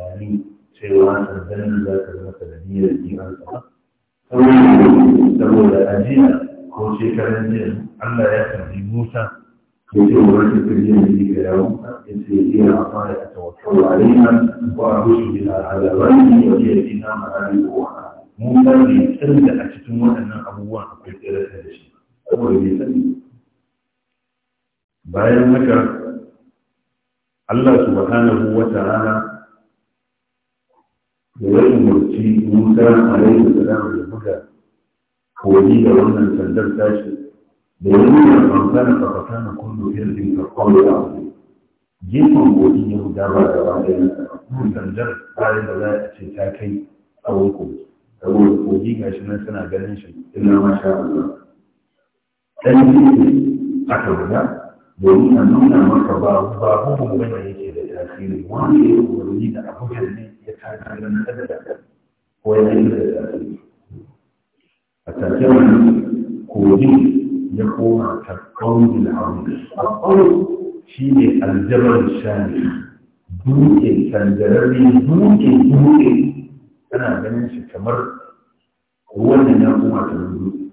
cewa aljanna za ta zama sanadiyar imansa ba saboda ajiya ko shekaran jiya Allah ya tafi Musa ya ce wa wata kiriyar da ke yawo ya ce iya amma ya tawakkal alaina wa abushi bi al'adabai wa ya ina ma'ari wa Musa bai san da a cikin waɗannan abubuwan akwai tsere da shi saboda bai sani bayan haka Allah subhanahu wa ta'ala ya umarci musa a rai da da buga koli da wannan sandar tashi da ya nuna fankana fafata na kullu irin da kwallo a wani gefen koli ya huda ba da ba da yana sandar tsarin da za a ce ta kai a wani saboda kogi ga shi nan suna ganin shi illa ma sha Allah dan ne aka guda domin a nuna maka ba ba hukun yake da tasiri wani ya yi da abu ne يتعامل من هذا ويزيد أتكلم كودي يقوم كالقول العظيم القول شيء الجبل الشامي دوكي كالجبل دوكي دوكي أنا أبنى كمر هو اللي يقوم كالجبل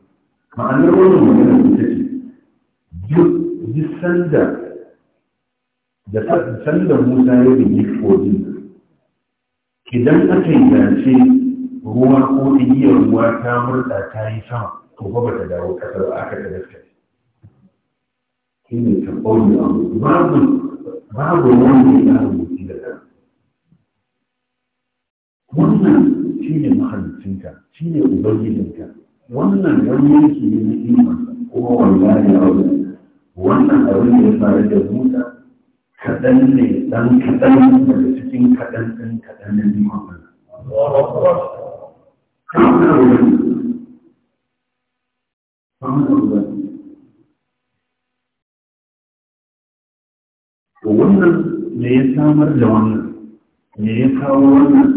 مع أن الرجل مجال بتجي جسد جسد موسى يبني كودي idan aka yi dace ruwa ko igiyar ruwa ta murɗa ta yi sama to ba ba ta dawo ƙasar ba aka ta gaske shi ne ta ɓauri a babu babu wanda ya rubuci da ta wannan shi ne shine shi ne ubangijinka wannan wani yanki ne na imansa kuma wallahi ya wannan abin da ya faru da mutane kaɗan ne ɗan kaɗan daga cikin kaɗan ɗan kaɗan na liman Wannan me ya samar da wannan, me ya kawo wannan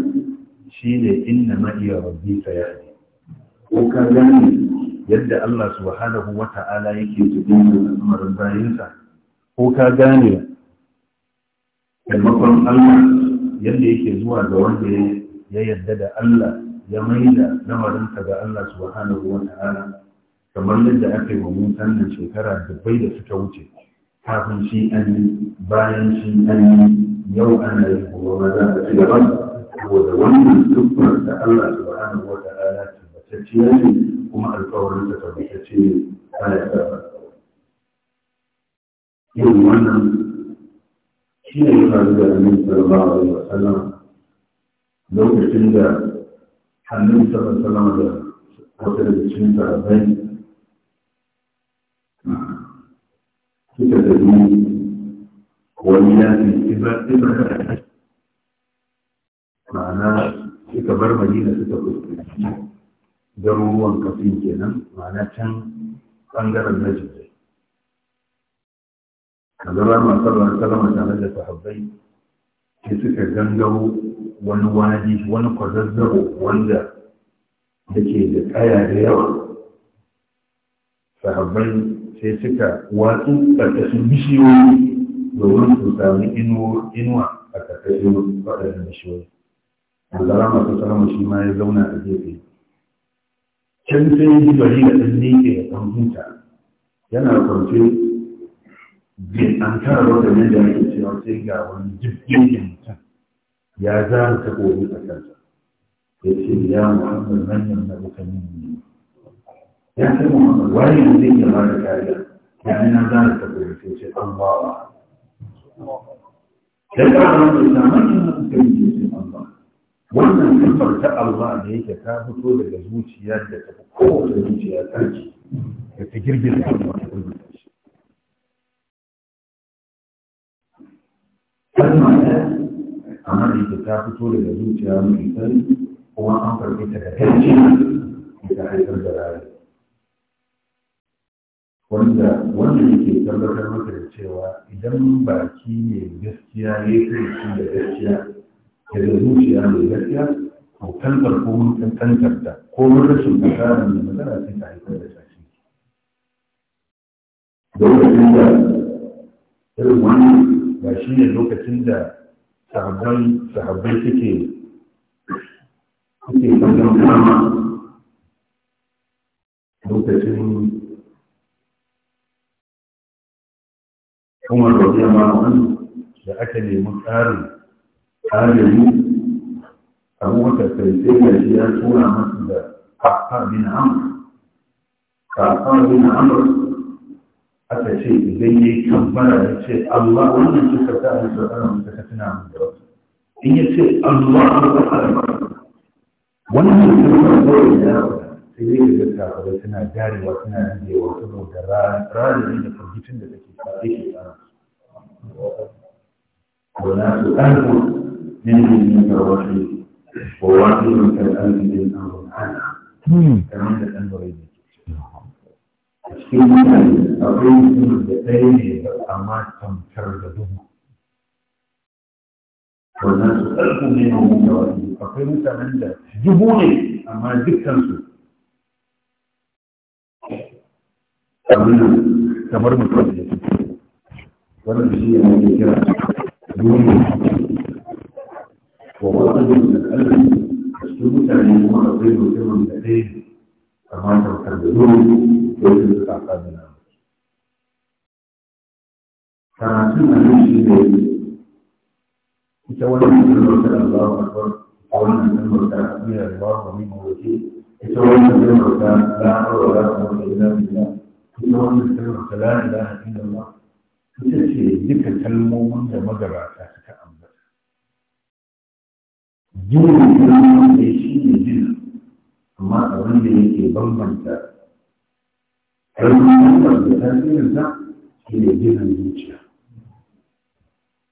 shi ne inna ma'iya rabbi sayani. Ko ka gane yadda Allah subhanahu wa ta'ala yake tuɗin da al'amarin bayansa, ko ka gane taimakon Allah yadda yake zuwa ga wanda ya yarda da Allah ya maida lamarinsa ga Allah subhanahu wa ta'ala kamar yadda aka yi wa mun nan shekara dubbai da suka wuce kafin shi an yi bayan shi an yi yau ana yi kuma za a ci gaba saboda wannan dukkan da Allah subhanahu wa ta'ala tabbatacciya ce kuma alkawarin ta tabbatacce ne ba ya Yin wannan شيء كان ذا النبي صلى الله عليه وسلم لو كان ذا صلى الله عليه وسلم قتل الشيطان بين كيف تدري ولا في إبا إبا معناه إذا بر مدينة تقول جروان كفين كنا معناه كان أنجر المجد kazarar masarar salama tare da sahabbai ke suka gangaro wani wadi wani kwazazzaro wanda ke da kaya da yawa sahabbai sai suka watsu ƙarƙashin bishiyoyi domin su sami inuwa a ƙarƙashin waɗannan bishiyoyi kazarar masu salama shi ma ya zauna a gefe can sai yi bari da ɗan nike ya ɗan huta yana kwance bai an karo da yadda ake cewa sai ga wani jirgin mutum ya zara ta koyi a kansa ya ce ya muhammad manyan na mutane ne ya ce muhammad wani ne zai iya bada kariya ya yi na zara ta koyi sai ce an bawa da ƙara wani samun mutane ne sai an bawa wannan sifar ta Allah ne yake ta fito daga zuciyar da ta fi kowace zuciya tsarki da ta girgiza ta girgiza kalma ɗaya amma da ita ta fito daga zuciya mai tsari kuma an farfi ta kakaici ita haifar da rayu wanda wanda yake tabbatar maka da cewa idan baki ne gaskiya ya kai da gaskiya daga zuciya mai gaskiya to kalmar ko mun tantantar da ko mun rashin kasarar da magana sai ta haifar da sashi da wani da irin wani ba shi ne lokacin da sahabban sahabbai suke suke kallon kama lokacin umar rabiya ma'amun da aka nemi tsarin tsarin abubakar sai sai ga shi ya tura masu da kafa bin amur kafa bin amur aka ce idan ya yi kammara ya ce Allah wannan ce karta a yadda ana mutu ka tuna min da wasu in ya ce Allah an ka fara wannan ce kuma kawai ya sai dai ka ga kafare suna darewa suna rigewa saboda ranar da firgitin da take kafin shi tsara ولا تؤلف من منك الرشيد وواحد كالألف من أمر عنها كمان الأمر يجي cikin mutane akwai mutumin da ɗaya ne da amma tamkar da duhu wannan su ɗarku ne na mutane akwai mutanen da dubu ne amma dukkansu abin kamar mutum da su wannan shi ne ake kira duniya wa wasu da ɗarku cikin mutane kuma akwai mutumin da ɗaya ne كما تتبعون يجب استعقابنا karatun a nan shi ne ita wannan kalmar Allah akbar a wannan kalmar ta amira Allah wa min wuce ita wannan kalmar ta la hawla wa la da ina billah ita wannan kalmar ta la ilaha illallah ita ce duka kalmomin da magabata suka ambata jin kalmar da shi ne jin amma abin da yake bambanta ƙarfin da ta tasirin sa shi ne ginin zuciya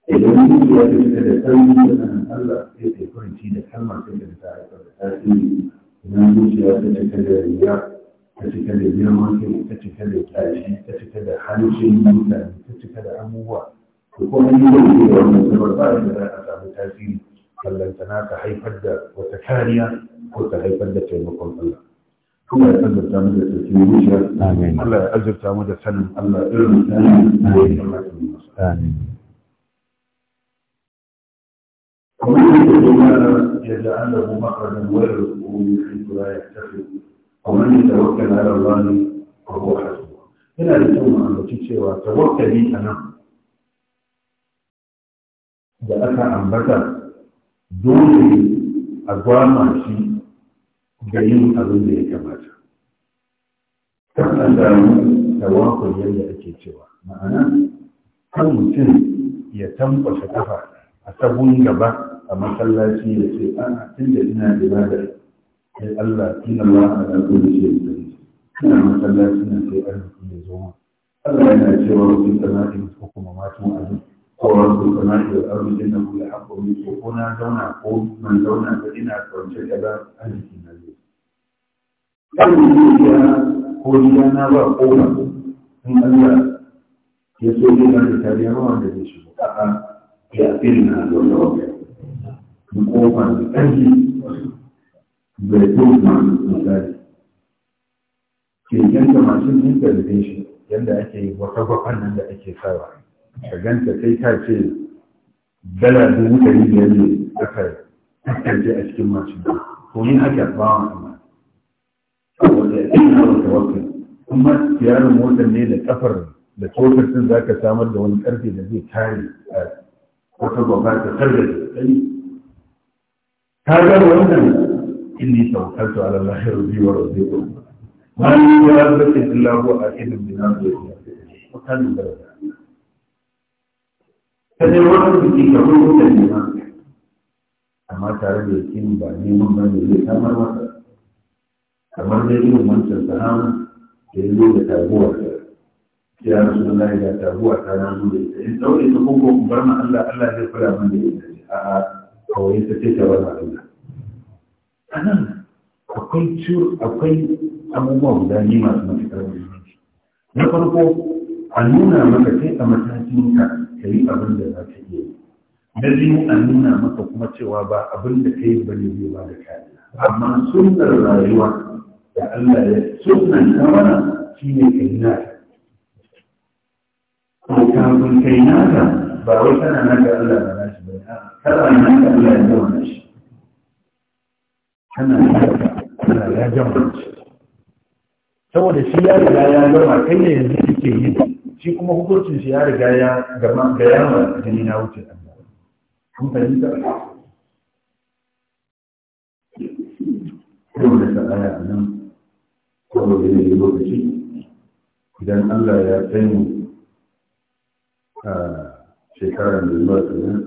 idan zuciya ta fita da ƙarfin da sanin Allah sai ta kwanci da kalmar ta da ta haifar da tasiri idan zuciya ta cika da riya ta cika da girman kai ta cika da kyashi ta cika da hancin mutane ta cika da abubuwa ko an yi da wannan sabar ba da za a samu tasiri ballantana ta haifar da wata kariya ko ta haifar da taimakon Allah kuma ya azurta mu da tsarkin zuciya Allah ya azurta mu da sanin Allah irin sanin da ya kamata mu masa kuma ya ja'ala hu makhrajan wa yarzuquhu min haythu la yahtasib wa man yatawakkal 'ala Allah fa huwa hasbuh yana da kyau mu ambaci cewa tawakkali anan da aka ambata dole a gwama shi da yin abin da ya kamata kan an damu da wakon yadda ake cewa ma'ana kan mutum ya tankwashe kafa a sabon gaba a masallaci da ce ana tun da ina ibada sai Allah tuna ba a ɗago da shi da ina masallaci na sai arziki da zo Allah yana cewa wasu sana'in ko kuma matan koran su na da arzu din nan kula haƙo ne ko na zauna ko man zauna ko ina kwance da ba arziki na zai kan ya ko gida na ba ko ba in Allah ya so ya ba da tariya ba wanda zai shigo a'a ya irin na zauna ba mu kofa da ƙarfi bai kuma misali ke yanka mashin ɗin da shi yadda ake yi wata gwakwan nan da ake sawa ka ganta sai ta ce dala dubu ɗari biyar ne aka kasance a cikin masu ba ko yin haka ba wa Allah saboda ina da tawakkali kuma tiyarin motar ne da kafar da tsokar sun za ka samar da wani karfe da zai tare a wata gwaba ta sarda da tsari ta ga wannan inni tawakkaltu ala Allah rabbi wa rabbi ma ni ya rabbi illa huwa akidun binan wa kana ta dai wani biki ka kuma da nema amma tare da yakin ba neman ba ne zai samar masa kamar dai irin wancan sahamu da ya zo da taguwa ya rasu na da taguwa ta na zo da ita in ɗaure ta koko, ku bar ma Allah Allah zai kula min da ita ne a'a kawai ta ce ta bar ma Allah anan akwai akwai abubuwa guda ne masu matuƙar muhimmanci na farko a nuna maka sai a matakin ka ka yi abin da za ka iya yi na biyu a nuna maka kuma cewa ba abin da ka yi ba ne zai ba da kariya amma sunnar rayuwa da Allah ya sunnan ta mana shi ne ka yi naka ko kafin ka yi naka ba wai kana naka Allah ba na shi ba kana naka Allah ya zama shi kana naka Allah ya gama shi saboda shi ya riga ya gama kai ne yanzu kike yi shi kuma hukuncin shi ya riga ya gama ga yawa jini na wuce Allah kun fahimta yau da sa'aya a nan kuma da yanayi lokaci idan Allah ya kai mu a shekarar da zuwa tsanin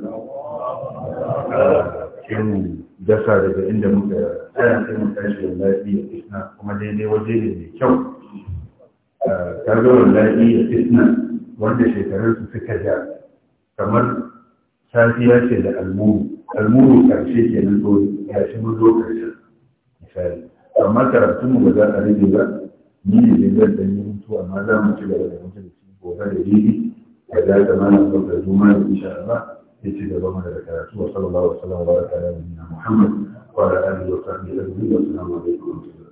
kin dasa daga inda muka tsaya sai mu tashi da lafiya kuma daidai waje ne mai kyau kaga wallahi da fitna wanda shekarun su suka ja kamar safiya ce da almuru almuru karshe ke nan zo ya shi mun zo karshe misali amma karatun mu ba za a rage ba ni ne da zan dan yi mutu amma za mu ci gaba da mutu da shi gobe da didi da za ta mana zo da juma da insha Allah sai ci gaba mana da karatu wa sallallahu alaihi wa sallam wa baraka ala nabiyina Muhammad wa ala alihi wa sahbihi ajma'in wa assalamu alaikum wa rahmatullahi